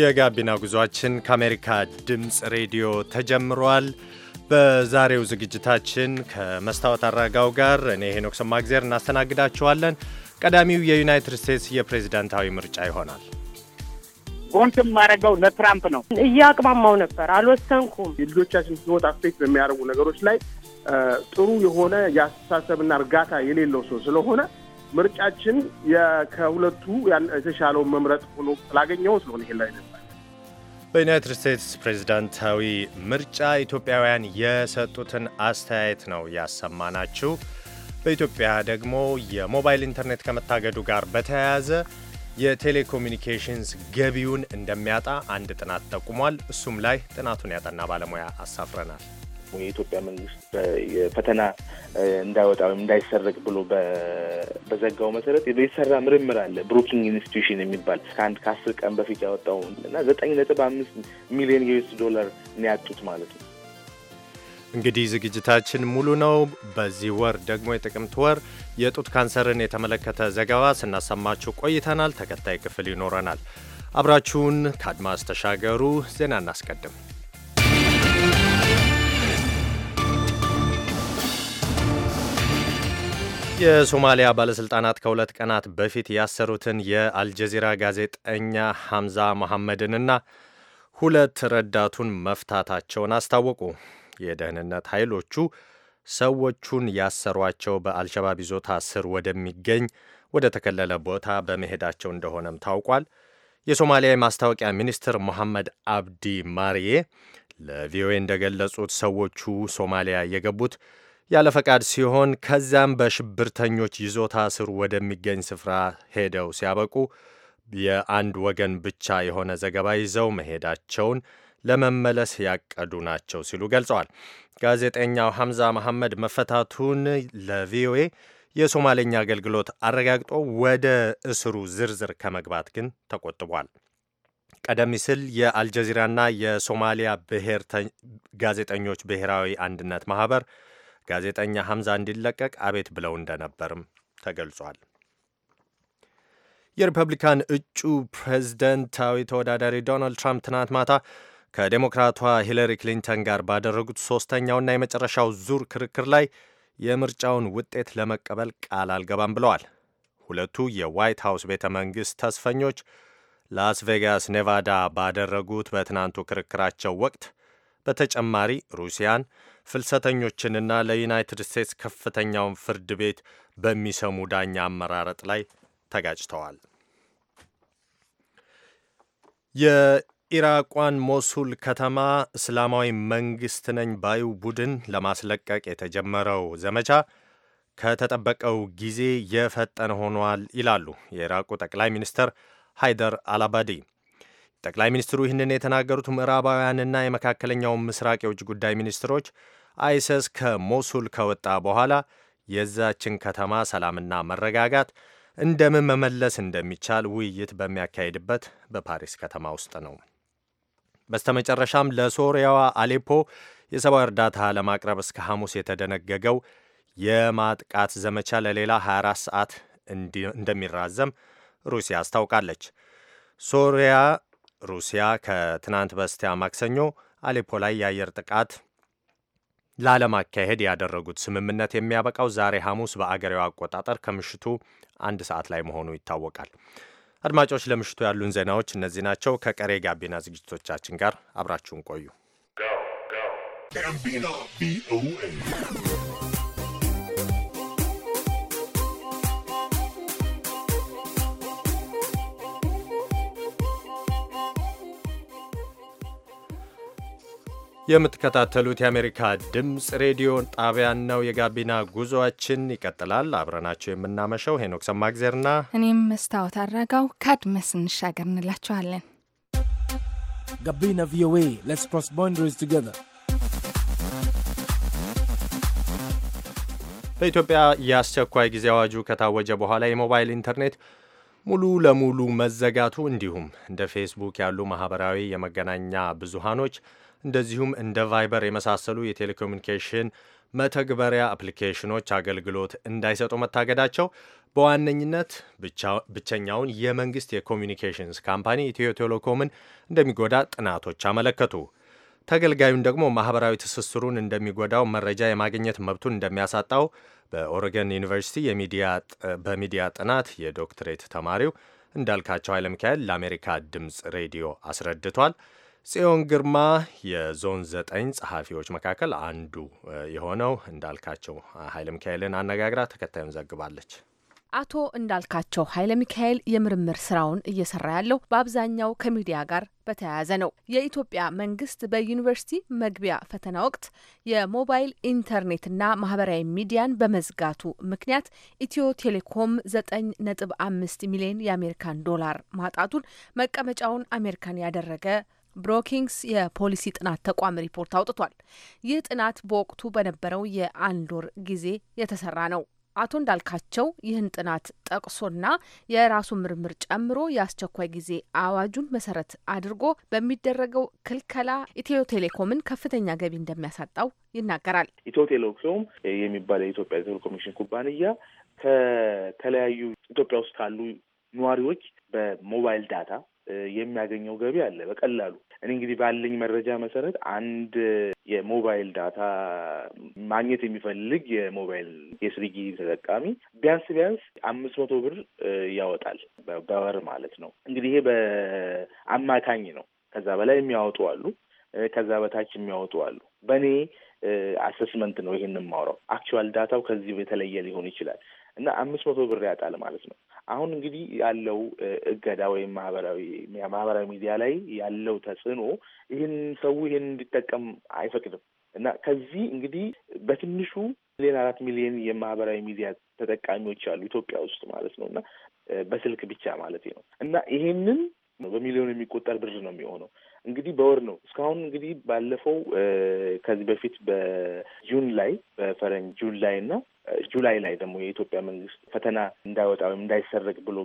የጋቢና ጉዟችን ከአሜሪካ ድምፅ ሬዲዮ ተጀምሯል። በዛሬው ዝግጅታችን ከመስታወት አራጋው ጋር እኔ ሄኖክ ሰማግዜር እናስተናግዳችኋለን። ቀዳሚው የዩናይትድ ስቴትስ የፕሬዚዳንታዊ ምርጫ ይሆናል። ቮንትም የማደርገው ለትራምፕ ነው። እያቅማማው ነበር፣ አልወሰንኩም። የልጆቻችን ህይወት አፌክት በሚያደርጉ ነገሮች ላይ ጥሩ የሆነ የአስተሳሰብና እርጋታ የሌለው ሰው ስለሆነ ምርጫችን ከሁለቱ የተሻለውን መምረጥ ሆኖ ስላገኘው ስለሆነ ይሄ ላይ በዩናይትድ ስቴትስ ፕሬዚዳንታዊ ምርጫ ኢትዮጵያውያን የሰጡትን አስተያየት ነው ያሰማናችሁ። በኢትዮጵያ ደግሞ የሞባይል ኢንተርኔት ከመታገዱ ጋር በተያያዘ የቴሌኮሚኒኬሽንስ ገቢውን እንደሚያጣ አንድ ጥናት ጠቁሟል። እሱም ላይ ጥናቱን ያጠና ባለሙያ አሳፍረናል። የኢትዮጵያ መንግስት ፈተና እንዳይወጣ ወይም እንዳይሰረቅ ብሎ በዘጋው መሰረት የተሰራ ምርምር አለ። ብሩኪንግ ኢንስቲትዩሽን የሚባል ከአንድ ከአስር ቀን በፊት ያወጣው እና ዘጠኝ ነጥብ አምስት ሚሊዮን ዩኤስ ዶላር ያጡት ማለት ነው። እንግዲህ ዝግጅታችን ሙሉ ነው። በዚህ ወር ደግሞ የጥቅምት ወር የጡት ካንሰርን የተመለከተ ዘገባ ስናሰማችሁ ቆይተናል። ተከታይ ክፍል ይኖረናል። አብራችሁን ከአድማስ ተሻገሩ። ዜና እናስቀድም። የሶማሊያ ባለሥልጣናት ከሁለት ቀናት በፊት ያሰሩትን የአልጀዚራ ጋዜጠኛ ሐምዛ መሐመድንና ሁለት ረዳቱን መፍታታቸውን አስታወቁ። የደህንነት ኃይሎቹ ሰዎቹን ያሰሯቸው በአልሸባብ ይዞታ ስር ወደሚገኝ ወደ ተከለለ ቦታ በመሄዳቸው እንደሆነም ታውቋል። የሶማሊያ የማስታወቂያ ሚኒስትር መሐመድ አብዲ ማርዬ ለቪኦኤ እንደገለጹት ሰዎቹ ሶማሊያ የገቡት ያለ ፈቃድ ሲሆን ከዚያም በሽብርተኞች ይዞታ ስር ወደሚገኝ ስፍራ ሄደው ሲያበቁ የአንድ ወገን ብቻ የሆነ ዘገባ ይዘው መሄዳቸውን ለመመለስ ያቀዱ ናቸው ሲሉ ገልጸዋል። ጋዜጠኛው ሐምዛ መሐመድ መፈታቱን ለቪኦኤ የሶማሌኛ አገልግሎት አረጋግጦ ወደ እስሩ ዝርዝር ከመግባት ግን ተቆጥቧል። ቀደም ሲል የአልጀዚራና የሶማሊያ ጋዜጠኞች ብሔራዊ አንድነት ማህበር ጋዜጠኛ ሐምዛ እንዲለቀቅ አቤት ብለው እንደነበርም ተገልጿል። የሪፐብሊካን እጩ ፕሬዝደንታዊ ተወዳዳሪ ዶናልድ ትራምፕ ትናንት ማታ ከዴሞክራቷ ሂለሪ ክሊንተን ጋር ባደረጉት ሦስተኛውና የመጨረሻው ዙር ክርክር ላይ የምርጫውን ውጤት ለመቀበል ቃል አልገባም ብለዋል። ሁለቱ የዋይት ሀውስ ቤተ መንግሥት ተስፈኞች ላስ ቬጋስ ኔቫዳ ባደረጉት በትናንቱ ክርክራቸው ወቅት በተጨማሪ ሩሲያን ፍልሰተኞችንና ለዩናይትድ ስቴትስ ከፍተኛውን ፍርድ ቤት በሚሰሙ ዳኛ አመራረጥ ላይ ተጋጭተዋል። የኢራቋን ሞሱል ከተማ እስላማዊ መንግስት ነኝ ባዩ ቡድን ለማስለቀቅ የተጀመረው ዘመቻ ከተጠበቀው ጊዜ የፈጠነ ሆኗል ይላሉ የኢራቁ ጠቅላይ ሚኒስትር ሃይደር አልአባዲ። ጠቅላይ ሚኒስትሩ ይህንን የተናገሩት ምዕራባውያንና የመካከለኛው ምስራቅ የውጭ ጉዳይ ሚኒስትሮች አይሰስ ከሞሱል ከወጣ በኋላ የዛችን ከተማ ሰላምና መረጋጋት እንደምን መመለስ እንደሚቻል ውይይት በሚያካሄድበት በፓሪስ ከተማ ውስጥ ነው። በስተመጨረሻም ለሶሪያዋ አሌፖ የሰብአዊ እርዳታ ለማቅረብ እስከ ሐሙስ የተደነገገው የማጥቃት ዘመቻ ለሌላ 24 ሰዓት እንደሚራዘም ሩሲያ አስታውቃለች። ሶሪያ ሩሲያ ከትናንት በስቲያ ማክሰኞ አሌፖ ላይ የአየር ጥቃት ላለማካሄድ ያደረጉት ስምምነት የሚያበቃው ዛሬ ሐሙስ በአገሬው አቆጣጠር ከምሽቱ አንድ ሰዓት ላይ መሆኑ ይታወቃል። አድማጮች ለምሽቱ ያሉን ዜናዎች እነዚህ ናቸው። ከቀሬ ጋቢና ዝግጅቶቻችን ጋር አብራችሁን ቆዩ። የምትከታተሉት የአሜሪካ ድምፅ ሬዲዮ ጣቢያን ነው። የጋቢና ጉዞአችን ይቀጥላል። አብረናቸው የምናመሸው ሄኖክ ሰማግዜርና እኔም መስታወት አድረጋው ከአድማስ እንሻገር እንላችኋለን። ጋቢና ቪኦኤ ሌትስ ክሮስ ቦንደሪስ ቱጌዘር በኢትዮጵያ የአስቸኳይ ጊዜ አዋጁ ከታወጀ በኋላ የሞባይል ኢንተርኔት ሙሉ ለሙሉ መዘጋቱ እንዲሁም እንደ ፌስቡክ ያሉ ማህበራዊ የመገናኛ ብዙሃኖች እንደዚሁም እንደ ቫይበር የመሳሰሉ የቴሌኮሙኒኬሽን መተግበሪያ አፕሊኬሽኖች አገልግሎት እንዳይሰጡ መታገዳቸው በዋነኝነት ብቸኛውን የመንግስት የኮሚኒኬሽንስ ካምፓኒ ኢትዮ ቴሌኮምን እንደሚጎዳ ጥናቶች አመለከቱ። ተገልጋዩን ደግሞ ማህበራዊ ትስስሩን እንደሚጎዳው፣ መረጃ የማግኘት መብቱን እንደሚያሳጣው በኦሬገን ዩኒቨርሲቲ በሚዲያ ጥናት የዶክትሬት ተማሪው እንዳልካቸው ኃይለ ሚካኤል ለአሜሪካ ድምፅ ሬዲዮ አስረድቷል። ጽዮን ግርማ የዞን ዘጠኝ ጸሐፊዎች መካከል አንዱ የሆነው እንዳልካቸው ኃይለ ሚካኤልን አነጋግራ ተከታዩን ዘግባለች። አቶ እንዳልካቸው ኃይለ ሚካኤል የምርምር ስራውን እየሰራ ያለው በአብዛኛው ከሚዲያ ጋር በተያያዘ ነው። የኢትዮጵያ መንግስት በዩኒቨርሲቲ መግቢያ ፈተና ወቅት የሞባይል ኢንተርኔትና ማህበራዊ ሚዲያን በመዝጋቱ ምክንያት ኢትዮ ቴሌኮም ዘጠኝ ነጥብ አምስት ሚሊዮን የአሜሪካን ዶላር ማጣቱን መቀመጫውን አሜሪካን ያደረገ ብሮኪንግስ የፖሊሲ ጥናት ተቋም ሪፖርት አውጥቷል። ይህ ጥናት በወቅቱ በነበረው የአንድ ወር ጊዜ የተሰራ ነው። አቶ እንዳልካቸው ይህን ጥናት ጠቅሶና የራሱን ምርምር ጨምሮ የአስቸኳይ ጊዜ አዋጁን መሰረት አድርጎ በሚደረገው ክልከላ ኢትዮ ቴሌኮምን ከፍተኛ ገቢ እንደሚያሳጣው ይናገራል። ኢትዮ ቴሌኮም የሚባል የኢትዮጵያ ቴሌኮሙኒኬሽን ኩባንያ ከተለያዩ ኢትዮጵያ ውስጥ ካሉ ነዋሪዎች በሞባይል ዳታ የሚያገኘው ገቢ አለ በቀላሉ። እኔ እንግዲህ ባለኝ መረጃ መሰረት አንድ የሞባይል ዳታ ማግኘት የሚፈልግ የሞባይል የስሪጊ ተጠቃሚ ቢያንስ ቢያንስ አምስት መቶ ብር ያወጣል በወር ማለት ነው። እንግዲህ ይሄ በአማካኝ ነው። ከዛ በላይ የሚያወጡ አሉ፣ ከዛ በታች የሚያወጡ አሉ። በእኔ አሰስመንት ነው ይሄን የማውራው። አክቹዋል ዳታው ከዚህ የተለየ ሊሆን ይችላል። እና አምስት መቶ ብር ያጣል ማለት ነው። አሁን እንግዲህ ያለው እገዳ ወይም ማህበራዊ ማህበራዊ ሚዲያ ላይ ያለው ተጽዕኖ ይህን ሰው ይህን እንዲጠቀም አይፈቅድም እና ከዚህ እንግዲህ በትንሹ ሚሊዮን አራት ሚሊዮን የማህበራዊ ሚዲያ ተጠቃሚዎች አሉ ኢትዮጵያ ውስጥ ማለት ነው እና በስልክ ብቻ ማለት ነው እና ይሄንን በሚሊዮን የሚቆጠር ብር ነው የሚሆነው እንግዲህ በወር ነው እስካሁን እንግዲህ ባለፈው ከዚህ በፊት በጁን ላይ በፈረንጅ ጁን ላይ እና ጁላይ ላይ ደግሞ የኢትዮጵያ መንግስት ፈተና እንዳይወጣ ወይም እንዳይሰረቅ ብሎ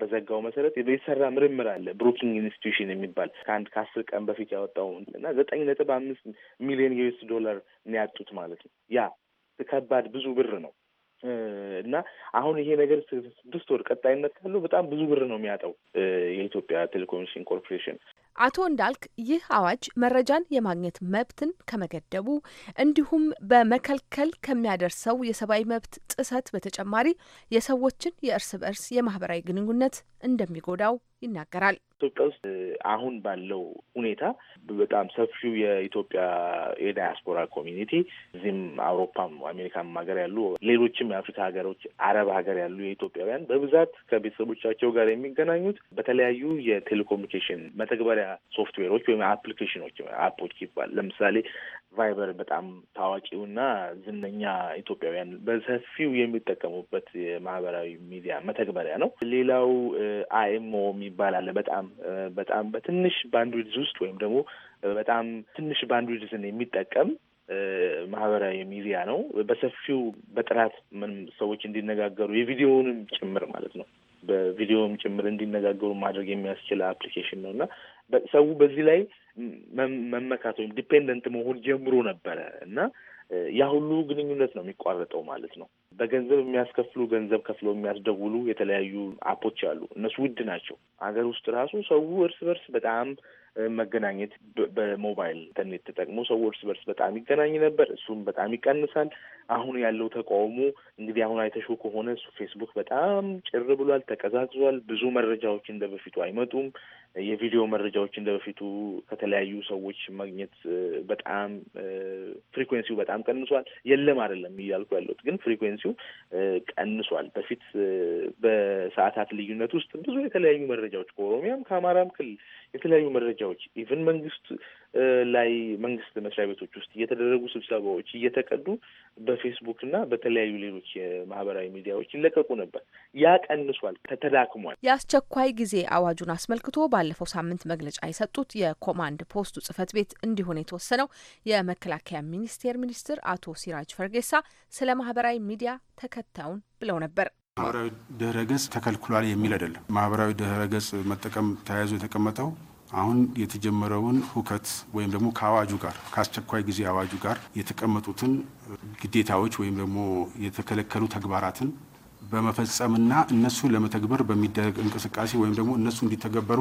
በዘጋው መሰረት የተሰራ ምርምር አለ። ብሩኪንግ ኢንስቲትዩሽን የሚባል ከአንድ ከአስር ቀን በፊት ያወጣው እና ዘጠኝ ነጥብ አምስት ሚሊዮን ዩኤስ ዶላር ነው ያጡት ማለት ነው። ያ ከባድ ብዙ ብር ነው እና አሁን ይሄ ነገር ስድስት ወር ቀጣይነት ካለው በጣም ብዙ ብር ነው የሚያጠው የኢትዮጵያ ቴሌኮሚኒኬሽን ኮርፖሬሽን አቶ እንዳልክ ይህ አዋጅ መረጃን የማግኘት መብትን ከመገደቡ እንዲሁም በመከልከል ከሚያደርሰው የሰብአዊ መብት ጥሰት በተጨማሪ የሰዎችን የእርስ በእርስ የማህበራዊ ግንኙነት እንደሚጎዳው ይናገራል። ኢትዮጵያ ውስጥ አሁን ባለው ሁኔታ በጣም ሰፊው የኢትዮጵያ የዳያስፖራ ኮሚኒቲ እዚህም አውሮፓም አሜሪካም ሀገር ያሉ ሌሎችም የአፍሪካ ሀገሮች፣ አረብ ሀገር ያሉ የኢትዮጵያውያን በብዛት ከቤተሰቦቻቸው ጋር የሚገናኙት በተለያዩ የቴሌኮሙኒኬሽን መተግበሪያ ሶፍትዌሮች ወይም አፕሊኬሽኖች አፖች ይባል ለምሳሌ ቫይበር በጣም ታዋቂውና ዝነኛ ኢትዮጵያውያን በሰፊው የሚጠቀሙበት የማህበራዊ ሚዲያ መተግበሪያ ነው። ሌላው አኤምኦ የሚባል አለ። በጣም በጣም በትንሽ ባንድዊድዝ ውስጥ ወይም ደግሞ በጣም ትንሽ ባንድዊድዝን የሚጠቀም ማህበራዊ ሚዲያ ነው። በሰፊው በጥራት ምንም ሰዎች እንዲነጋገሩ የቪዲዮውንም ጭምር ማለት ነው በቪዲዮም ጭምር እንዲነጋገሩ ማድረግ የሚያስችል አፕሊኬሽን ነው እና ሰው በዚህ ላይ መመካት ወይም ዲፔንደንት መሆን ጀምሮ ነበረ እና ያ ሁሉ ግንኙነት ነው የሚቋረጠው ማለት ነው። በገንዘብ የሚያስከፍሉ ገንዘብ ከፍለው የሚያስደውሉ የተለያዩ አፖች አሉ። እነሱ ውድ ናቸው። ሀገር ውስጥ ራሱ ሰው እርስ በርስ በጣም መገናኘት በሞባይል ኢንተርኔት ተጠቅሞ ሰው እርስ በርስ በጣም ይገናኝ ነበር። እሱም በጣም ይቀንሳል። አሁን ያለው ተቃውሞ እንግዲህ አሁን አይተሾ ከሆነ እሱ ፌስቡክ በጣም ጭር ብሏል፣ ተቀዛቅዟል። ብዙ መረጃዎች እንደ በፊቱ አይመጡም። የቪዲዮ መረጃዎች እንደ በፊቱ ከተለያዩ ሰዎች ማግኘት በጣም ፍሪኩዌንሲው በጣም ቀንሷል። የለም አይደለም እያልኩ ያለሁት ግን ፍሪኩዌንሲው ቀንሷል። በፊት በሰዓታት ልዩነት ውስጥ ብዙ የተለያዩ መረጃዎች ከኦሮሚያም ከአማራም ክልል የተለያዩ መረጃዎች ኢቨን መንግስት ላይ መንግስት መስሪያ ቤቶች ውስጥ እየተደረጉ ስብሰባዎች እየተቀዱ በፌስቡክ እና በተለያዩ ሌሎች የማህበራዊ ሚዲያዎች ይለቀቁ ነበር። ያ ቀንሷል፣ ተተዳክሟል። የአስቸኳይ ጊዜ አዋጁን አስመልክቶ ባለፈው ሳምንት መግለጫ የሰጡት የኮማንድ ፖስቱ ጽህፈት ቤት እንዲሆን የተወሰነው የመከላከያ ሚኒስቴር ሚኒስትር አቶ ሲራጅ ፈርጌሳ ስለ ማህበራዊ ሚዲያ ተከታዩን ብለው ነበር። ማህበራዊ ድህረ ገጽ ተከልክሏል የሚል አይደለም። ማህበራዊ ድህረ ገጽ መጠቀም ተያይዞ የተቀመጠው አሁን የተጀመረውን ሁከት ወይም ደግሞ ከአዋጁ ጋር ከአስቸኳይ ጊዜ አዋጁ ጋር የተቀመጡትን ግዴታዎች ወይም ደግሞ የተከለከሉ ተግባራትን በመፈጸምና እነሱ ለመተግበር በሚደረግ እንቅስቃሴ ወይም ደግሞ እነሱ እንዲተገበሩ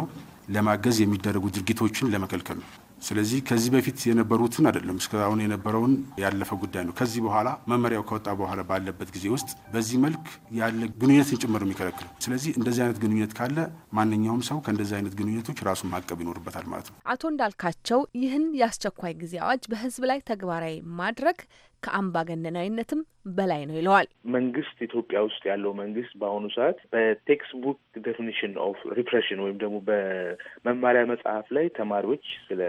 ለማገዝ የሚደረጉ ድርጊቶችን ለመከልከል ነው። ስለዚህ ከዚህ በፊት የነበሩትን አይደለም እስካሁን የነበረውን ያለፈ ጉዳይ ነው። ከዚህ በኋላ መመሪያው ከወጣ በኋላ ባለበት ጊዜ ውስጥ በዚህ መልክ ያለ ግንኙነትን ጭምር የሚከለክሉ ስለዚህ እንደዚህ አይነት ግንኙነት ካለ ማንኛውም ሰው ከእንደዚህ አይነት ግንኙነቶች ራሱን ማቀብ ይኖርበታል ማለት ነው። አቶ እንዳልካቸው ይህን የአስቸኳይ ጊዜ አዋጅ በህዝብ ላይ ተግባራዊ ማድረግ ከአምባገነናዊነትም በላይ ነው ይለዋል። መንግስት ኢትዮጵያ ውስጥ ያለው መንግስት በአሁኑ ሰዓት በቴክስትቡክ ቡክ ዴፊኒሽን ኦፍ ሪፕሬሽን ወይም ደግሞ በመማሪያ መጽሐፍ ላይ ተማሪዎች ስለ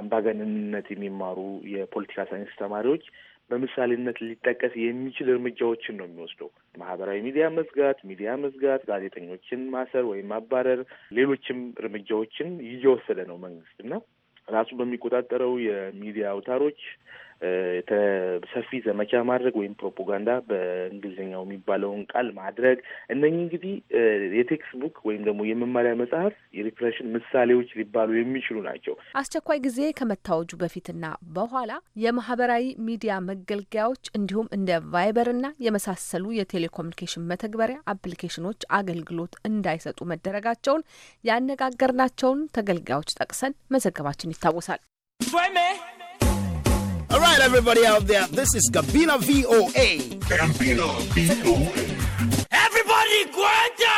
አምባገነንነት የሚማሩ የፖለቲካ ሳይንስ ተማሪዎች በምሳሌነት ሊጠቀስ የሚችል እርምጃዎችን ነው የሚወስደው። ማህበራዊ ሚዲያ መዝጋት፣ ሚዲያ መዝጋት፣ ጋዜጠኞችን ማሰር ወይም ማባረር፣ ሌሎችም እርምጃዎችን እየወሰደ ነው መንግስት እና ራሱ በሚቆጣጠረው የሚዲያ አውታሮች ሰፊ ዘመቻ ማድረግ ወይም ፕሮፓጋንዳ በእንግሊዝኛው የሚባለውን ቃል ማድረግ እነኚህ እንግዲህ የቴክስት ቡክ ወይም ደግሞ የመማሪያ መጽሐፍ የሪፕሬሽን ምሳሌዎች ሊባሉ የሚችሉ ናቸው። አስቸኳይ ጊዜ ከመታወጁ በፊትና በኋላ የማህበራዊ ሚዲያ መገልገያዎች እንዲሁም እንደ ቫይበርና የመሳሰሉ የቴሌኮሙኒኬሽን መተግበሪያ አፕሊኬሽኖች አገልግሎት እንዳይሰጡ መደረጋቸውን ያነጋገርናቸውን ተገልጋዮች ጠቅሰን መዘገባችን ይታወሳል። All right, everybody out there, this is Gabina VOA. Gabina VOA. Everybody, Gwanda!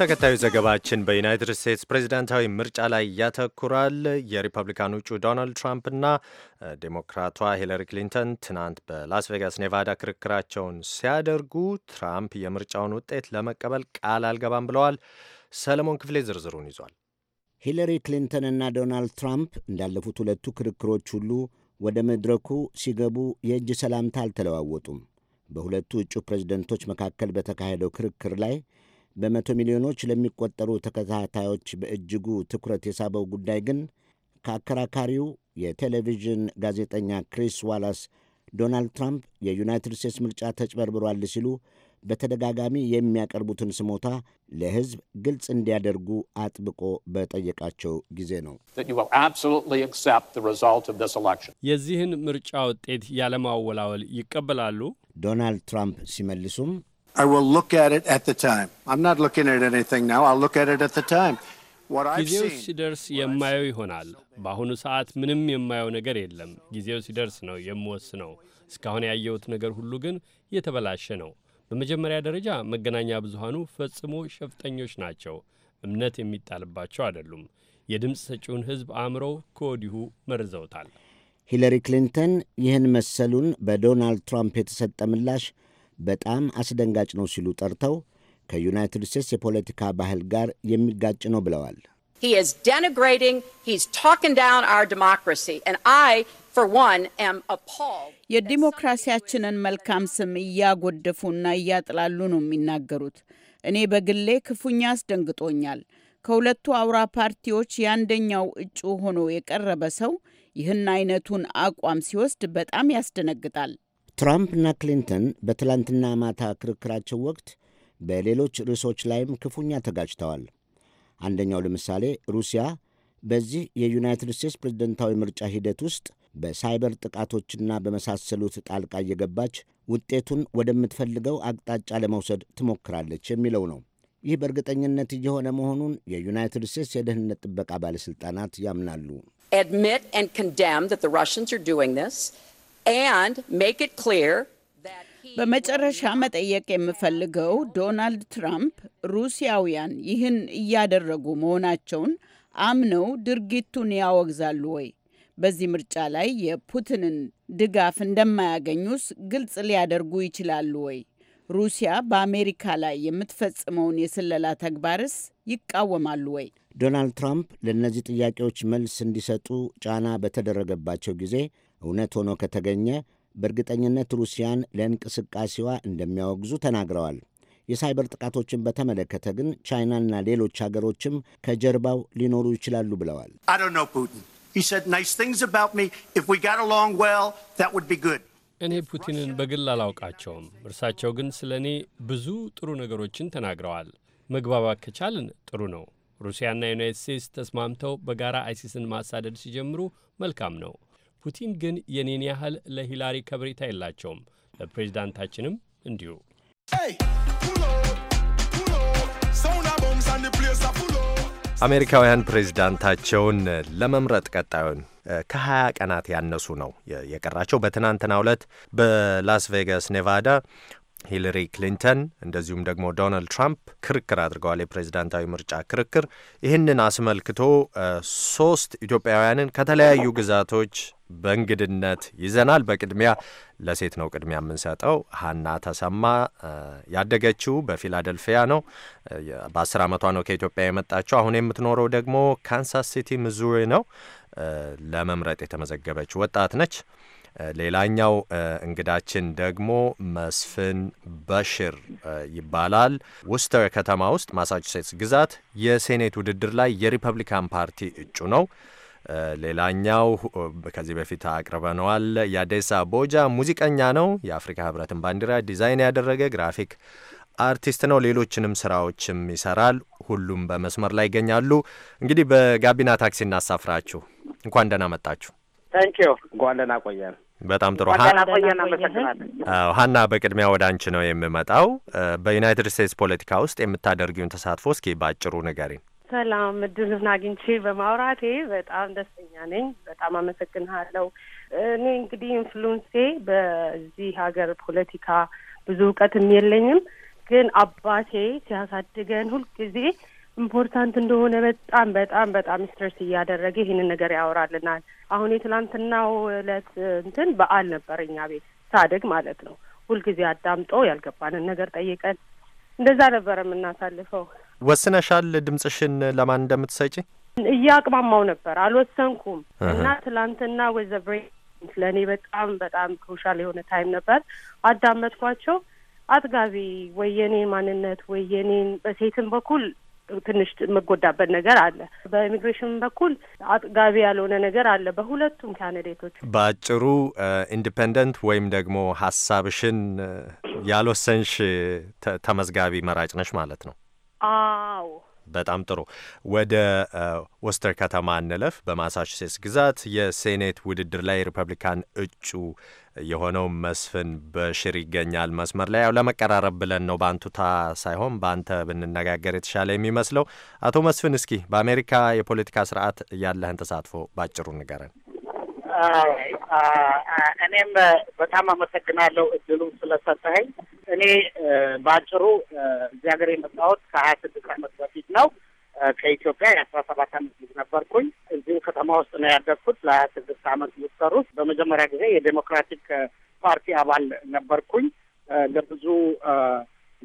ተከታዩ ዘገባችን በዩናይትድ ስቴትስ ፕሬዚዳንታዊ ምርጫ ላይ ያተኩራል። የሪፐብሊካን ውጩ ዶናልድ ትራምፕና ዴሞክራቷ ሂለሪ ክሊንተን ትናንት በላስ ቬጋስ ኔቫዳ ክርክራቸውን ሲያደርጉ ትራምፕ የምርጫውን ውጤት ለመቀበል ቃል አልገባም ብለዋል። ሰለሞን ክፍሌ ዝርዝሩን ይዟል። ሂለሪ ክሊንተንና ዶናልድ ትራምፕ እንዳለፉት ሁለቱ ክርክሮች ሁሉ ወደ መድረኩ ሲገቡ የእጅ ሰላምታ አልተለዋወጡም። በሁለቱ እጩ ፕሬዝደንቶች መካከል በተካሄደው ክርክር ላይ በመቶ ሚሊዮኖች ለሚቆጠሩ ተከታታዮች በእጅጉ ትኩረት የሳበው ጉዳይ ግን ከአከራካሪው የቴሌቪዥን ጋዜጠኛ ክሪስ ዋላስ ዶናልድ ትራምፕ የዩናይትድ ስቴትስ ምርጫ ተጭበርብሯል ሲሉ በተደጋጋሚ የሚያቀርቡትን ስሞታ ለሕዝብ ግልጽ እንዲያደርጉ አጥብቆ በጠየቃቸው ጊዜ ነው። የዚህን ምርጫ ውጤት ያለማወላወል ይቀበላሉ? ዶናልድ ትራምፕ ሲመልሱም ጊዜው ሲደርስ የማየው ይሆናል። በአሁኑ ሰዓት ምንም የማየው ነገር የለም። ጊዜው ሲደርስ ነው የምወስነው። እስካሁን ያየሁት ነገር ሁሉ ግን የተበላሸ ነው። በመጀመሪያ ደረጃ መገናኛ ብዙሃኑ ፈጽሞ ሸፍጠኞች ናቸው፣ እምነት የሚጣልባቸው አይደሉም። የድምፅ ሰጪውን ሕዝብ አእምሮ ከወዲሁ መርዘውታል። ሂለሪ ክሊንተን ይህን መሰሉን በዶናልድ ትራምፕ የተሰጠ ምላሽ በጣም አስደንጋጭ ነው ሲሉ ጠርተው ከዩናይትድ ስቴትስ የፖለቲካ ባህል ጋር የሚጋጭ ነው ብለዋል። የዲሞክራሲያችንን መልካም ስም እያጎደፉና እያጥላሉ ነው የሚናገሩት። እኔ በግሌ ክፉኛ አስደንግጦኛል። ከሁለቱ አውራ ፓርቲዎች የአንደኛው እጩ ሆኖ የቀረበ ሰው ይህን አይነቱን አቋም ሲወስድ በጣም ያስደነግጣል። ትራምፕና ክሊንተን በትላንትና ማታ ክርክራቸው ወቅት በሌሎች ርዕሶች ላይም ክፉኛ ተጋጭተዋል። አንደኛው ለምሳሌ ሩሲያ በዚህ የዩናይትድ ስቴትስ ፕሬዝደንታዊ ምርጫ ሂደት ውስጥ በሳይበር ጥቃቶችና በመሳሰሉት ጣልቃ እየገባች ውጤቱን ወደምትፈልገው አቅጣጫ ለመውሰድ ትሞክራለች የሚለው ነው። ይህ በእርግጠኝነት እየሆነ መሆኑን የዩናይትድ ስቴትስ የደህንነት ጥበቃ ባለሥልጣናት ያምናሉ። በመጨረሻ መጠየቅ የምፈልገው ዶናልድ ትራምፕ ሩሲያውያን ይህን እያደረጉ መሆናቸውን አምነው ድርጊቱን ያወግዛሉ ወይ? በዚህ ምርጫ ላይ የፑቲንን ድጋፍ እንደማያገኙስ ግልጽ ሊያደርጉ ይችላሉ ወይ? ሩሲያ በአሜሪካ ላይ የምትፈጽመውን የስለላ ተግባርስ ይቃወማሉ ወይ? ዶናልድ ትራምፕ ለእነዚህ ጥያቄዎች መልስ እንዲሰጡ ጫና በተደረገባቸው ጊዜ እውነት ሆኖ ከተገኘ በእርግጠኝነት ሩሲያን ለእንቅስቃሴዋ እንደሚያወግዙ ተናግረዋል። የሳይበር ጥቃቶችን በተመለከተ ግን ቻይናና ሌሎች ሀገሮችም ከጀርባው ሊኖሩ ይችላሉ ብለዋል። He said nice things about me. If we got along well, that would be good. እኔ ፑቲንን በግል አላውቃቸውም። እርሳቸው ግን ስለ እኔ ብዙ ጥሩ ነገሮችን ተናግረዋል። መግባባት ከቻልን ጥሩ ነው። ሩሲያና ዩናይት ስቴትስ ተስማምተው በጋራ አይሲስን ማሳደድ ሲጀምሩ መልካም ነው። ፑቲን ግን የኔን ያህል ለሂላሪ ከብሬታ የላቸውም። ለፕሬዚዳንታችንም እንዲሁ። Hey, pull up, pull up. Sound of bombs and the place up. አሜሪካውያን ፕሬዚዳንታቸውን ለመምረጥ ቀጣዩን ከ20 ቀናት ያነሱ ነው የቀራቸው። በትናንትናው ዕለት በላስ ቬጋስ ኔቫዳ ሂለሪ ክሊንተን እንደዚሁም ደግሞ ዶናልድ ትራምፕ ክርክር አድርገዋል። የፕሬዚዳንታዊ ምርጫ ክርክር ይህንን አስመልክቶ ሶስት ኢትዮጵያውያንን ከተለያዩ ግዛቶች በእንግድነት ይዘናል። በቅድሚያ ለሴት ነው ቅድሚያ የምንሰጠው። ሀና ተሰማ ያደገችው በፊላደልፊያ ነው። በአስር ዓመቷ ነው ከኢትዮጵያ የመጣችው። አሁን የምትኖረው ደግሞ ካንሳስ ሲቲ ምዙሪ ነው። ለመምረጥ የተመዘገበች ወጣት ነች። ሌላኛው እንግዳችን ደግሞ መስፍን በሽር ይባላል። ውስተር ከተማ ውስጥ ማሳቹሴትስ ግዛት የሴኔት ውድድር ላይ የሪፐብሊካን ፓርቲ እጩ ነው። ሌላኛው ከዚህ በፊት አቅርበነዋል። የአዴሳ ቦጃ ሙዚቀኛ ነው። የአፍሪካ ሕብረትን ባንዲራ ዲዛይን ያደረገ ግራፊክ አርቲስት ነው። ሌሎችንም ስራዎችም ይሰራል። ሁሉም በመስመር ላይ ይገኛሉ። እንግዲህ በጋቢና ታክሲ እናሳፍራችሁ። እንኳን ደህና መጣችሁ። ታንኪዩ ጓለና ቆየን። በጣም ጥሩ ሀና፣ በቅድሚያ ወደ አንቺ ነው የምመጣው። በዩናይትድ ስቴትስ ፖለቲካ ውስጥ የምታደርጊውን ተሳትፎ እስኪ በአጭሩ ንገሪኝ። ሰላም፣ እድሉን አግኝቼ በማውራቴ በጣም ደስተኛ ነኝ። በጣም አመሰግንሃለሁ። እኔ እንግዲህ ኢንፍሉንሴ በዚህ ሀገር ፖለቲካ ብዙ እውቀትም የለኝም፣ ግን አባቴ ሲያሳድገን ሁልጊዜ ኢምፖርታንት እንደሆነ በጣም በጣም በጣም ስትረስ እያደረገ ይህንን ነገር ያወራልናል። አሁን የትላንትናው ዕለት እንትን በዓል ነበር እኛ ቤት ሳደግ ማለት ነው። ሁልጊዜ አዳምጦ ያልገባንን ነገር ጠይቀን እንደዛ ነበር የምናሳልፈው። ወስነሻል ድምጽሽን ለማን እንደምትሰጪ? እያቅማማው ነበር አልወሰንኩም። እና ትላንትና ወዘ ብሬ ለእኔ በጣም በጣም ክሩሻል የሆነ ታይም ነበር። አዳመጥኳቸው። አጥጋቢ ወይ የኔን ማንነት ወይ የኔን በሴትም በኩል ትንሽ የምጎዳበት ነገር አለ። በኢሚግሬሽን በኩል አጥጋቢ ያልሆነ ነገር አለ በሁለቱም ካንዲዴቶች። በአጭሩ ኢንዲፐንደንት ወይም ደግሞ ሀሳብሽን ያልወሰንሽ ተመዝጋቢ መራጭ ነሽ ማለት ነው? አዎ በጣም ጥሩ። ወደ ወስተር ከተማ እንለፍ። በማሳቹሴትስ ግዛት የሴኔት ውድድር ላይ ሪፐብሊካን እጩ የሆነው መስፍን በሽር ይገኛል መስመር ላይ። ያው ለመቀራረብ ብለን ነው፣ በአንቱታ ሳይሆን በአንተ ብንነጋገር የተሻለ የሚመስለው። አቶ መስፍን፣ እስኪ በአሜሪካ የፖለቲካ ስርዓት ያለህን ተሳትፎ ባጭሩ ንገረን። እኔም በጣም አመሰግናለሁ እድሉ ስለሰጠኸኝ። እኔ በአጭሩ እዚህ ሀገር የመጣሁት ከሀያ ስድስት አመት በፊት ነው። ከኢትዮጵያ የአስራ ሰባት አመት ልጅ ነበርኩኝ። እዚሁ ከተማ ውስጥ ነው ያደግኩት ለሀያ ስድስት አመት ሚሰሩት። በመጀመሪያ ጊዜ የዴሞክራቲክ ፓርቲ አባል ነበርኩኝ ለብዙ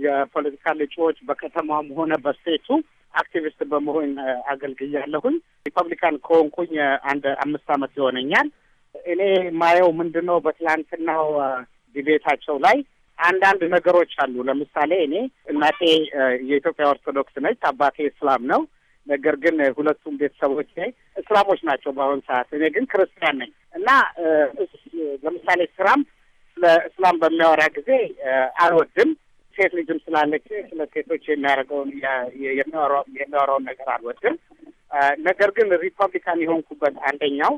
የፖለቲካ እጩዎች በከተማም ሆነ በስቴቱ አክቲቪስት በመሆን አገልግያለሁኝ። ሪፐብሊካን ከሆንኩኝ አንድ አምስት አመት ይሆነኛል። እኔ የማየው ምንድን ነው በትላንትናው ዲቤታቸው ላይ አንዳንድ ነገሮች አሉ። ለምሳሌ እኔ እናቴ የኢትዮጵያ ኦርቶዶክስ ነች፣ አባቴ እስላም ነው። ነገር ግን ሁለቱም ቤተሰቦች እስላሞች ናቸው በአሁኑ ሰዓት። እኔ ግን ክርስቲያን ነኝ እና ለምሳሌ ስራም ስለ እስላም በሚያወራ ጊዜ አልወድም። ሴት ልጅም ስላለች ስለ ሴቶች የሚያደርገውን የሚያወራውን ነገር አልወድም። ነገር ግን ሪፐብሊካን የሆንኩበት አንደኛው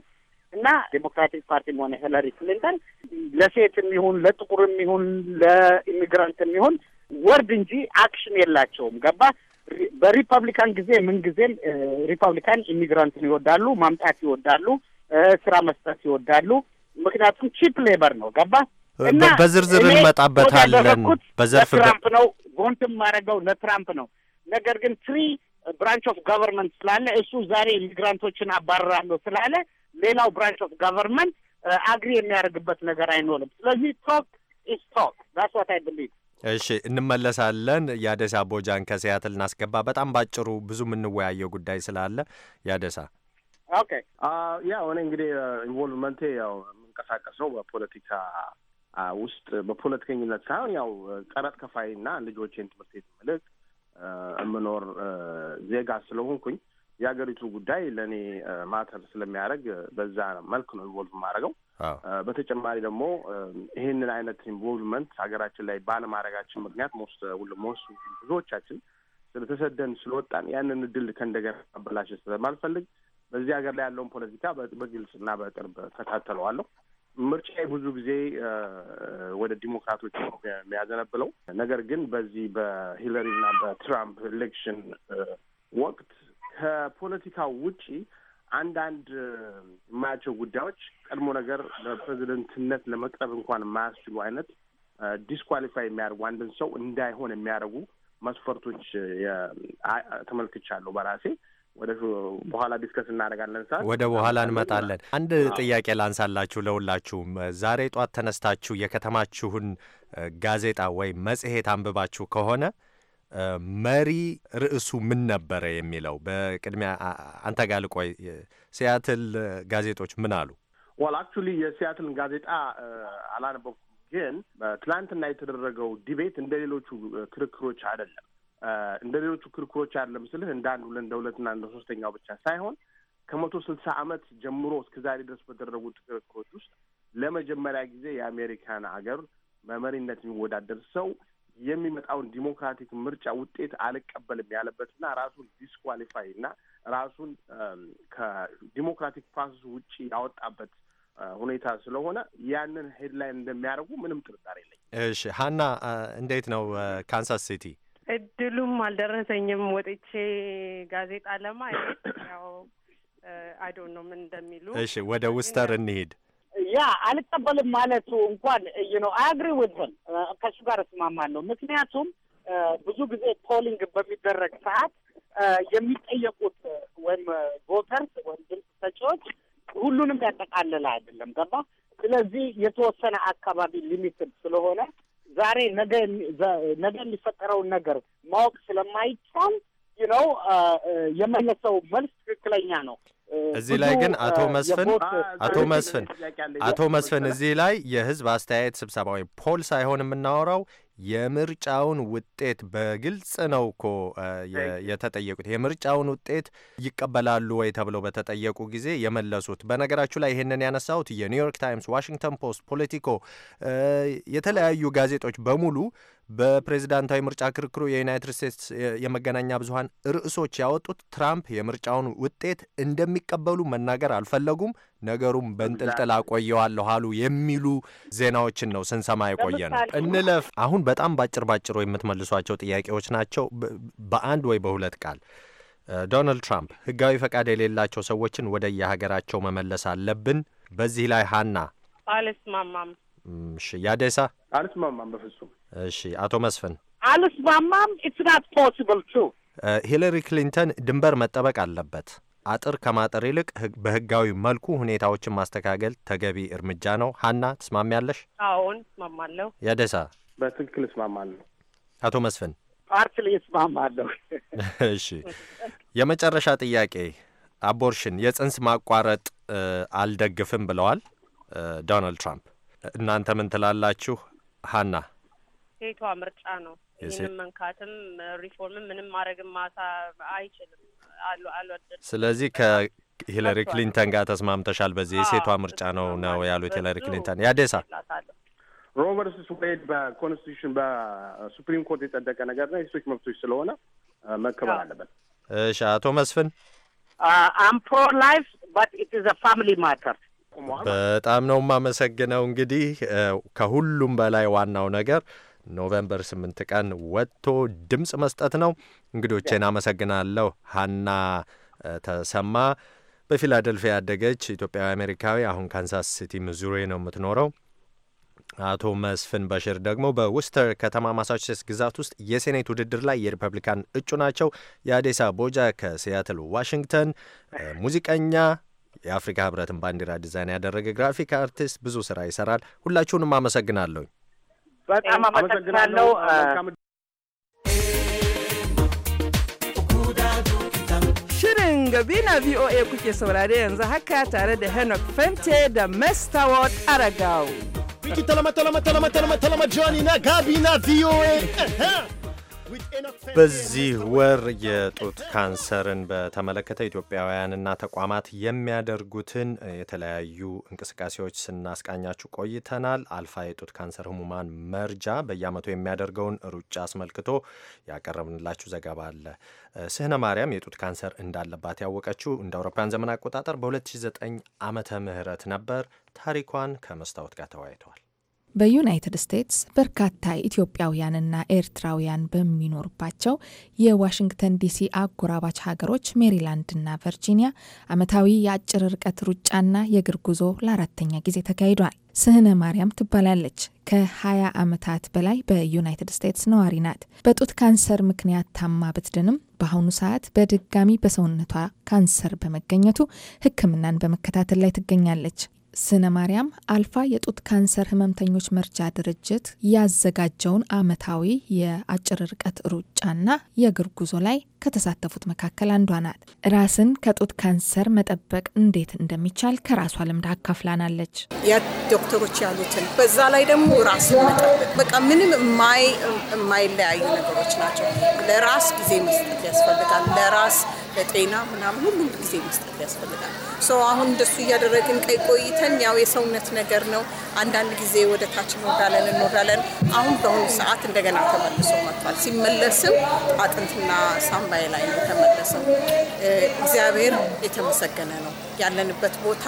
እና ዴሞክራቲክ ፓርቲም ሆነ ሂለሪ ክሊንተን ለሴትም ይሁን ለጥቁርም ይሁን ለኢሚግራንትም ይሁን ወርድ እንጂ አክሽን የላቸውም። ገባ በሪፐብሊካን ጊዜ ምንጊዜም ሪፐብሊካን ኢሚግራንትን ይወዳሉ፣ ማምጣት ይወዳሉ፣ ስራ መስጠት ይወዳሉ። ምክንያቱም ቺፕ ሌበር ነው። ገባ በዝርዝር እንመጣበታለን። በዘርፍ ነው ጎንትም ማድረገው ለትራምፕ ነው። ነገር ግን ትሪ ብራንች ኦፍ ጋቨርንመንት ስላለ እሱ ዛሬ ኢሚግራንቶችን አባረራለሁ ስላለ ሌላው ብራንች ኦፍ ጋቨርንመንት አግሪ የሚያደርግበት ነገር አይኖርም። ስለዚህ ቶክ ኢስ ቶክ ዳስ ዋት አይ ብሊቭ። እሺ እንመለሳለን። ያደሳ ቦጃን ከሲያትል እናስገባ። በጣም ባጭሩ ብዙ የምንወያየው ጉዳይ ስላለ ያደሳ። ኦኬ ያው እኔ እንግዲህ ኢንቮልቭመንቴ ያው የምንቀሳቀሰው በፖለቲካ ውስጥ በፖለቲከኝነት ሳይሆን ያው ቀረጥ ከፋይና ልጆቼን ትምህርት ቤት ምልክ የምኖር ዜጋ ስለሆንኩኝ የሀገሪቱ ጉዳይ ለእኔ ማተር ስለሚያደርግ በዛ መልክ ነው ኢንቮልቭ የማደርገው። በተጨማሪ ደግሞ ይህንን አይነት ኢንቮልቭመንት ሀገራችን ላይ ባለማድረጋችን ምክንያት ሁ ሞስ ብዙዎቻችን ስለተሰደን ስለወጣን ያንን እድል ከእንደገና አበላሽ ስለማልፈልግ በዚህ ሀገር ላይ ያለውን ፖለቲካ በግልጽ እና በቅርብ ከታተለዋለሁ። ምርጫ ብዙ ጊዜ ወደ ዲሞክራቶች የሚያዘነብለው ነገር ግን በዚህ በሂለሪ እና በትራምፕ ኤሌክሽን ወቅት ከፖለቲካ ውጪ አንዳንድ የማያቸው ጉዳዮች ቀድሞ ነገር ለፕሬዚደንትነት ለመቅረብ እንኳን የማያስችሉ አይነት ዲስኳሊፋይ የሚያደርጉ አንድን ሰው እንዳይሆን የሚያደርጉ መስፈርቶች ተመልክቻለሁ በራሴ። ወደ በኋላ ዲስከስ እናደርጋለን። ሰዓት ወደ በኋላ እንመጣለን። አንድ ጥያቄ ላንሳላችሁ ለሁላችሁም። ዛሬ ጧት ተነስታችሁ የከተማችሁን ጋዜጣ ወይም መጽሔት አንብባችሁ ከሆነ መሪ ርዕሱ ምን ነበረ የሚለው በቅድሚያ አንተ ጋር ልቆይ። ሲያትል ጋዜጦች ምን አሉ? ዋል አክቹዋሊ የሲያትልን ጋዜጣ አላነበብኩም፣ ግን ትላንትና የተደረገው ዲቤት እንደ ሌሎቹ ክርክሮች አይደለም። እንደ ሌሎቹ ክርክሮች አይደለም ስልህ እንደ አንድ እንደ ሁለትና እንደ ሶስተኛው ብቻ ሳይሆን ከመቶ ስልሳ ዓመት ጀምሮ እስከ ዛሬ ድረስ በተደረጉት ክርክሮች ውስጥ ለመጀመሪያ ጊዜ የአሜሪካን ሀገር መሪነት የሚወዳደር ሰው የሚመጣውን ዲሞክራቲክ ምርጫ ውጤት አልቀበልም ያለበትና ራሱን ዲስኳሊፋይ እና ራሱን ከዲሞክራቲክ ፕሮሰስ ውጪ ያወጣበት ሁኔታ ስለሆነ ያንን ሄድላይን እንደሚያደርጉ ምንም ጥርጣሬ የለኝ። እሺ ሀና፣ እንዴት ነው ካንሳስ ሲቲ? እድሉም አልደረሰኝም ወጥቼ ጋዜጣ ለማ ያው አይዶን ነው ምን እንደሚሉ። እሺ ወደ ውስተር እንሂድ። ያ አልቀበልም ማለቱ እንኳን ነው አግሪ ውድን ከሱ ጋር እስማማለሁ። ምክንያቱም uh, ብዙ ጊዜ ፖሊንግ በሚደረግ ሰዓት uh, የሚጠየቁት uh, ወይም ቮተርስ ወይም ድምፅ ሰጪዎች ሁሉንም ያጠቃልል አይደለም፣ ገባ። ስለዚህ የተወሰነ አካባቢ ሊሚትድ ስለሆነ ዛሬ ነገ ነገ የሚፈጠረውን ነገር ማወቅ ስለማይቻል ነው የመለሰው መልስ ትክክለኛ ነው። እዚህ ላይ ግን አቶ መስፍን አቶ መስፍን አቶ መስፍን እዚህ ላይ የህዝብ አስተያየት ስብሰባ ወይም ፖል ሳይሆን የምናወራው የምርጫውን ውጤት በግልጽ ነው እኮ የተጠየቁት። የምርጫውን ውጤት ይቀበላሉ ወይ ተብለው በተጠየቁ ጊዜ የመለሱት። በነገራችሁ ላይ ይህንን ያነሳሁት የኒውዮርክ ታይምስ፣ ዋሽንግተን ፖስት፣ ፖለቲኮ የተለያዩ ጋዜጦች በሙሉ በፕሬዚዳንታዊ ምርጫ ክርክሩ የዩናይትድ ስቴትስ የመገናኛ ብዙኃን ርዕሶች ያወጡት ትራምፕ የምርጫውን ውጤት እንደሚቀበሉ መናገር አልፈለጉም፣ ነገሩም በንጥልጥል አቆየዋለሁ አሉ የሚሉ ዜናዎችን ነው ስንሰማ የቆየ ነው። እንለፍ። አሁን በጣም ባጭር ባጭሩ የምትመልሷቸው ጥያቄዎች ናቸው። በአንድ ወይ በሁለት ቃል ዶናልድ ትራምፕ ሕጋዊ ፈቃድ የሌላቸው ሰዎችን ወደ የሀገራቸው መመለስ አለብን። በዚህ ላይ ሀና አልስማማም። ያደሳ አልስማማም በፍጹም እሺ አቶ መስፍን አልስማማም። ኢትስ ናት ፖስብል ቱ ሂለሪ ክሊንተን ድንበር መጠበቅ አለበት። አጥር ከማጠር ይልቅ በህጋዊ መልኩ ሁኔታዎችን ማስተካከል ተገቢ እርምጃ ነው። ሀና ትስማሚያለሽ? አዎን እስማማለሁ። የደሳ በትክክል እስማማለሁ። አቶ መስፍን ፓርትሊ እስማማለሁ። እሺ የመጨረሻ ጥያቄ አቦርሽን፣ የጽንስ ማቋረጥ አልደግፍም ብለዋል ዶናልድ ትራምፕ። እናንተ ምን ትላላችሁ ሀና? ሴቷ ምርጫ ነው። ይህንም መንካትም ሪፎርምም ምንም ማድረግም ማሳ አይችልም አሉ አሉ። ስለዚህ ከሂለሪ ክሊንተን ጋር ተስማምተሻል። በዚህ የሴቷ ምርጫ ነው ነው ያሉት ሂለሪ ክሊንተን። ያደሳ ሮቨርስ ዌድ በኮንስቲቱሽን በሱፕሪም ኮርት የጸደቀ ነገር ነው። የሴቶች መብቶች ስለሆነ መከበር አለበት። እሺ አቶ መስፍን አም ፕሮ ላይፍ ባት ኢት ኢዝ ፋሚሊ ማተር በጣም ነው የማመሰግነው። እንግዲህ ከሁሉም በላይ ዋናው ነገር ኖቬምበር 8 ቀን ወጥቶ ድምፅ መስጠት ነው። እንግዶቼን አመሰግናለሁ። ሀና ተሰማ በፊላደልፊያ ያደገች ኢትዮጵያዊ አሜሪካዊ፣ አሁን ካንሳስ ሲቲ ሚዙሪ ነው የምትኖረው። አቶ መስፍን በሽር ደግሞ በውስተር ከተማ ማሳቹሴትስ ግዛት ውስጥ የሴኔት ውድድር ላይ የሪፐብሊካን እጩ ናቸው። የአዴሳ ቦጃ ከሲያትል ዋሽንግተን ሙዚቀኛ፣ የአፍሪካ ህብረትን ባንዲራ ዲዛይን ያደረገ ግራፊክ አርቲስት ብዙ ስራ ይሰራል። ሁላችሁንም አመሰግናለሁ። ama matakalo ah. Shirin Gabina VOA kuke saurare yanzu haka tare da Henok Fente da Mestaward Aragao. Wiki talama talama talama talama talama Johnny na Gabi na VOA. በዚህ ወር የጡት ካንሰርን በተመለከተ ኢትዮጵያውያንና ተቋማት የሚያደርጉትን የተለያዩ እንቅስቃሴዎች ስናስቃኛችሁ ቆይተናል። አልፋ የጡት ካንሰር ህሙማን መርጃ በየዓመቱ የሚያደርገውን ሩጫ አስመልክቶ ያቀረብንላችሁ ዘገባ አለ። ስህነ ማርያም የጡት ካንሰር እንዳለባት ያወቀችው እንደ አውሮፓውያን ዘመን አቆጣጠር በ2009 ዓመተ ምህረት ነበር። ታሪኳን ከመስታወት ጋር ተወያይተዋል። በዩናይትድ ስቴትስ በርካታ ኢትዮጵያውያንና ኤርትራውያን በሚኖሩባቸው የዋሽንግተን ዲሲ አጎራባች ሀገሮች ሜሪላንድና ቨርጂኒያ ዓመታዊ የአጭር ርቀት ሩጫና የእግር ጉዞ ለአራተኛ ጊዜ ተካሂዷል። ስህነ ማርያም ትባላለች። ከ20 ዓመታት በላይ በዩናይትድ ስቴትስ ነዋሪ ናት። በጡት ካንሰር ምክንያት ታማ ብትድንም በአሁኑ ሰዓት በድጋሚ በሰውነቷ ካንሰር በመገኘቱ ሕክምናን በመከታተል ላይ ትገኛለች። ስነ ማርያም አልፋ የጡት ካንሰር ህመምተኞች መርጃ ድርጅት ያዘጋጀውን አመታዊ የአጭር ርቀት ሩጫና የእግር ጉዞ ላይ ከተሳተፉት መካከል አንዷ ናት። ራስን ከጡት ካንሰር መጠበቅ እንዴት እንደሚቻል ከራሷ ልምድ አካፍላናለች። ዶክተሮች ያሉትን በዛ ላይ ደግሞ ራስን መጠበቅ በቃ ምንም የማይለያዩ ነገሮች ናቸው። ለራስ ጊዜ መስጠት ያስፈልጋል። ለራስ ለጤና ምናምን ሁሉም ጊዜ መስጠት ያስፈልጋል። አሁን እንደሱ እያደረግን ቀይ ቆይተን ያው የሰውነት ነገር ነው። አንዳንድ ጊዜ ወደ ታች እንወዳለን እንወዳለን። አሁን በአሁኑ ሰዓት እንደገና ተመልሶ መጥቷል። ሲመለስም አጥንትና ሳምባይ ላይ ነው የተመለሰው። እግዚአብሔር የተመሰገነ ነው። ያለንበት ቦታ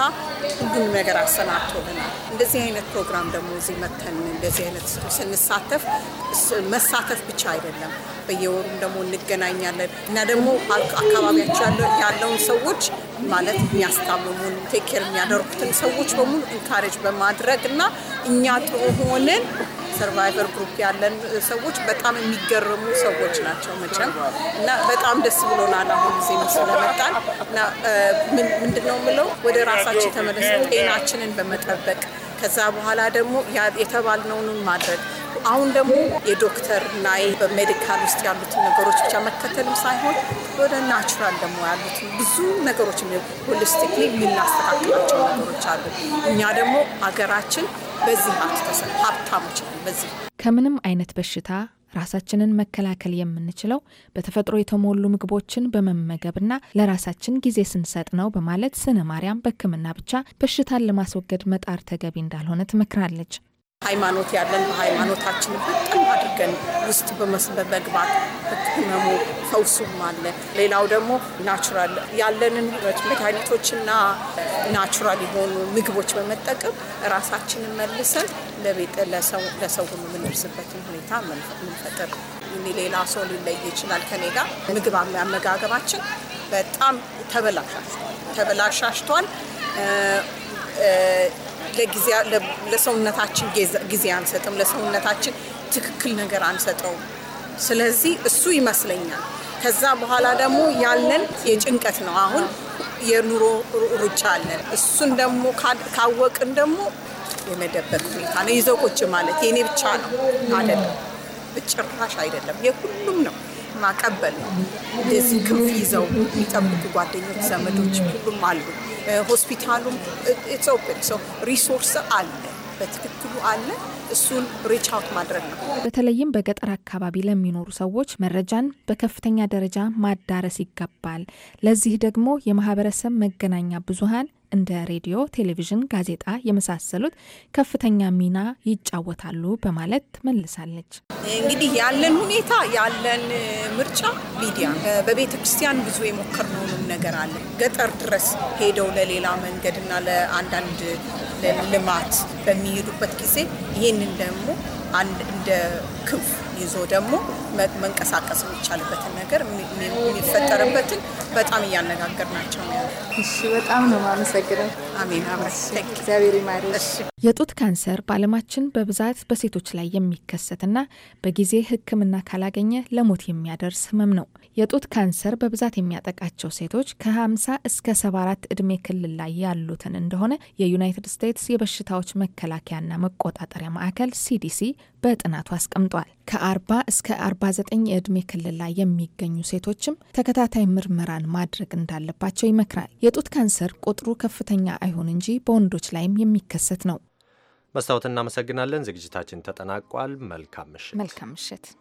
ሁሉንም ነገር አሰናድቶልናል። እንደዚህ አይነት ፕሮግራም ደግሞ እዚህ መተን እንደዚህ አይነት ስንሳተፍ መሳተፍ ብቻ አይደለም፣ በየወሩም ደግሞ እንገናኛለን እና ደግሞ አካባቢያቸው ያለውን ሰዎች ማለት የሚያስታምሙን ቴክር የሚያደርጉትን ሰዎች በሙሉ ኢንካሬጅ በማድረግ እና እኛ ጥሩ ሆነን ሰርቫይቨር ግሩፕ ያለን ሰዎች በጣም የሚገርሙ ሰዎች ናቸው መቼም እና በጣም ደስ ብሎናል። አሁን ጊዜ ስለመጣን እና ምንድን ነው የምለው ወደ ራሳችን ተመለስን ጤናችንን በመጠበቅ ከዛ በኋላ ደግሞ የተባልነውን ማድረግ አሁን ደግሞ የዶክተር እና በሜዲካል ውስጥ ያሉትን ነገሮች ብቻ መከተልም ሳይሆን ወደ ናቹራል ደግሞ ያሉትን ብዙ ነገሮች ሆሊስቲክ የምናስተካክላቸው ነገሮች አሉ። እኛ ደግሞ ሀገራችን በዚህ ሀብታሞች በዚህ ከምንም አይነት በሽታ ራሳችንን መከላከል የምንችለው በተፈጥሮ የተሞሉ ምግቦችን በመመገብና ለራሳችን ጊዜ ስንሰጥ ነው በማለት ስነ ማርያም በሕክምና ብቻ በሽታን ለማስወገድ መጣር ተገቢ እንዳልሆነ ትመክራለች። ሃይማኖት ያለን በሃይማኖታችን በጣም ወገን ውስጥ በመግባት ህክመሙ ፈውሱም አለ። ሌላው ደግሞ ናቹራል ያለንን ህብረት አይነቶችና ናቹራል የሆኑ ምግቦች በመጠቀም ራሳችንን መልሰን ለቤት ለሰው ሁሉ የምንደርስበትን ሁኔታ ምንፈጥር ሌላ ሰው ሊለይ ይችላል ከኔ ጋር ምግብ አመጋገባችን በጣም ተበላሻሽቷል ተበላሻሽቷል ለሰውነታችን ጊዜ አንሰጥም፣ ለሰውነታችን ትክክል ነገር አንሰጠውም። ስለዚህ እሱ ይመስለኛል። ከዛ በኋላ ደግሞ ያለን የጭንቀት ነው። አሁን የኑሮ ሩጫ አለን። እሱን ደግሞ ካወቅን ደግሞ የመደበቅ ሁኔታ ነው። ይዘው ቁጭ ማለት የእኔ ብቻ ነው አይደለም፣ ጭራሽ አይደለም፣ የሁሉም ነው። ማቀበል ነው። እንደዚህ ክንፍ ይዘው የሚጠብቁ ጓደኞች፣ ዘመዶች ሁሉም አሉ። ሆስፒታሉም ኢትስ ኦፕን ሪሶርስ አለ። በትክክሉ አለ። እሱን ሪች አውት ማድረግ ነው። በተለይም በገጠር አካባቢ ለሚኖሩ ሰዎች መረጃን በከፍተኛ ደረጃ ማዳረስ ይገባል። ለዚህ ደግሞ የማህበረሰብ መገናኛ ብዙሃን እንደ ሬዲዮ፣ ቴሌቪዥን፣ ጋዜጣ የመሳሰሉት ከፍተኛ ሚና ይጫወታሉ በማለት ትመልሳለች። እንግዲህ ያለን ሁኔታ ያለን ምርጫ ሚዲያ በቤተ ክርስቲያን ብዙ የሞከርነውን ነገር አለ። ገጠር ድረስ ሄደው ለሌላ መንገድና ለአንዳንድ ልማት በሚሄዱበት ጊዜ ይህንን ደግሞ እንደ ክንፍ ይዞ ደግሞ መንቀሳቀስ የሚቻልበትን ነገር የሚፈጠርበትን በጣም እያነጋገር ናቸው። እሺ፣ በጣም ነው ማመሰግነው። አሜን። እግዚአብሔር የጡት ካንሰር በዓለማችን በብዛት በሴቶች ላይ የሚከሰትና በጊዜ ሕክምና ካላገኘ ለሞት የሚያደርስ ህመም ነው። የጡት ካንሰር በብዛት የሚያጠቃቸው ሴቶች ከ50 እስከ 74 እድሜ ክልል ላይ ያሉትን እንደሆነ የዩናይትድ ስቴትስ የበሽታዎች መከላከያና መቆጣጠሪያ ማዕከል ሲዲሲ በጥናቱ አስቀምጧል። ከ40 እስከ 40 በ49 የዕድሜ ክልል ላይ የሚገኙ ሴቶችም ተከታታይ ምርመራን ማድረግ እንዳለባቸው ይመክራል። የጡት ካንሰር ቁጥሩ ከፍተኛ አይሆን እንጂ በወንዶች ላይም የሚከሰት ነው። መስታወት እናመሰግናለን። ዝግጅታችን ተጠናቋል። መልካም ምሽት። መልካም ምሽት።